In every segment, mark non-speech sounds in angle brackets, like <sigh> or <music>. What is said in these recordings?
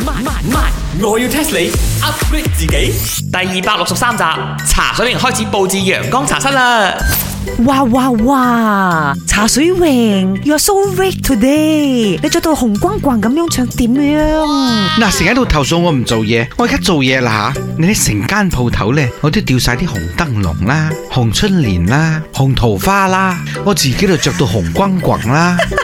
賣賣賣！我要 test 你 you, upgrade 自己。第二百六十三集，茶水榮開始布置陽光茶室啦！哇哇哇！茶水榮，you're so rich today！你着到紅光棍咁樣唱點樣？嗱、啊，成日喺度投訴我唔做嘢，我而家做嘢啦吓！你喺成間鋪頭咧，我都掉晒啲紅燈籠啦、紅春聯啦、紅桃花啦，我自己就着到紅光棍啦。 <laughs>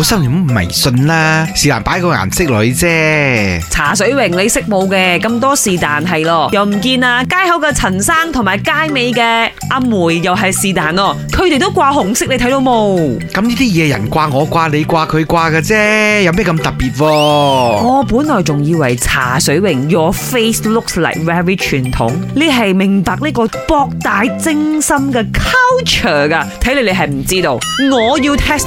我心諗唔迷信啦，是但擺個顏色來啫。茶水榮，你識冇嘅咁多是但係咯，又唔見啊街口嘅陳生同埋街尾嘅阿梅又係是但咯，佢哋都掛紅色，你睇到冇？咁呢啲嘢人掛我掛你掛佢掛嘅啫，有咩咁特別？我本來仲以為茶水榮，Your face looks like very 傳統，你係明白呢個博大精深嘅 culture 噶，睇嚟你係唔知道。我要 test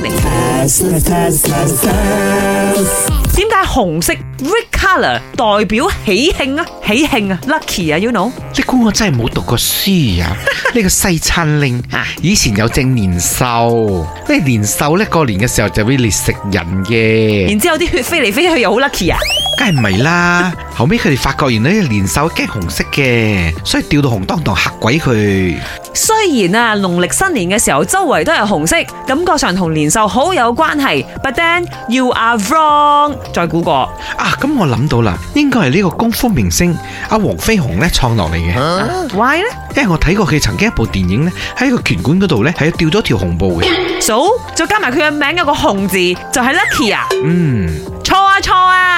點解紅色 red color 代表喜慶啊？喜慶啊？lucky 啊？you know？你估我真係冇讀過書啊！呢 <laughs> 個西餐令啊，以前有正年獸，即係年獸咧，過年嘅時候就會嚟食人嘅。然之後啲血飛嚟飛去又好 lucky 啊！梗係唔係啦，後尾佢哋發覺原來，年獸驚紅色嘅，所以掉到紅當當嚇鬼佢。雖然啊，農曆新年嘅時候周圍都係紅色，感覺上同年獸好有關係，but then you are wrong 再。再估過啊，咁、嗯、我諗到啦，應該係呢個功夫明星阿黃飛鴻咧創落嚟嘅。Why 咧？因為我睇過佢曾經一部電影咧，喺個拳館嗰度咧係掉咗條紅布嘅。數、so，再加埋佢嘅名有個紅字，就係、是、lucky、嗯、啊。嗯，錯啊錯啊！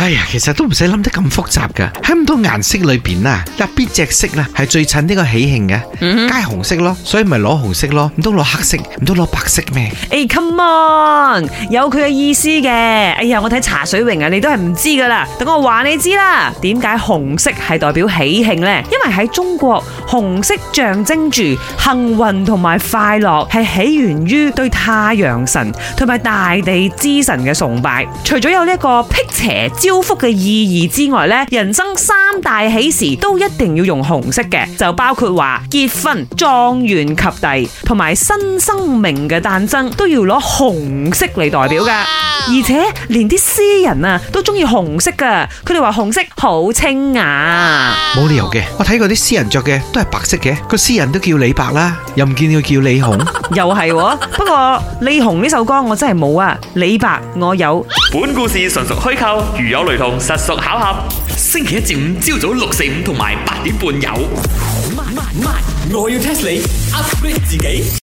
哎呀，其實都唔使諗得咁複雜噶，喺咁多顏色裏邊啊，入邊隻色咧，係最襯呢個喜慶嘅，梗係、嗯、哼紅色咯，所以咪攞紅色咯，唔通攞黑色，唔通攞白色咩？誒、hey, come on，有佢嘅意思嘅。哎呀，我睇茶水榮啊，你都係唔知噶啦，等我話你知啦。點解紅色係代表喜慶咧？因為喺中國，紅色象徵住幸運同埋快樂，係起源於對太陽神同埋大地之神嘅崇拜。除咗有呢一個辟邪之外。招福嘅意義之外咧，人生三大喜事都一定要用紅色嘅，就包括話，結婚、狀元及第同埋新生命嘅誕生，都要攞紅色嚟代表㗎。而且連啲詩人啊都中意紅色噶佢哋話紅色好清雅。冇理由嘅，我睇過啲詩人着嘅都係白色嘅。個詩人都叫李白啦，又唔見佢叫李紅。 <laughs> 又係，哦，不過李紅呢首歌我真係冇啊。李白我有。本故事純屬虛構，如有雷同，實屬巧合。星期一至五朝早六四五同埋八點半有。Oh, my, my, my. 我要聽你 upgrade 自己。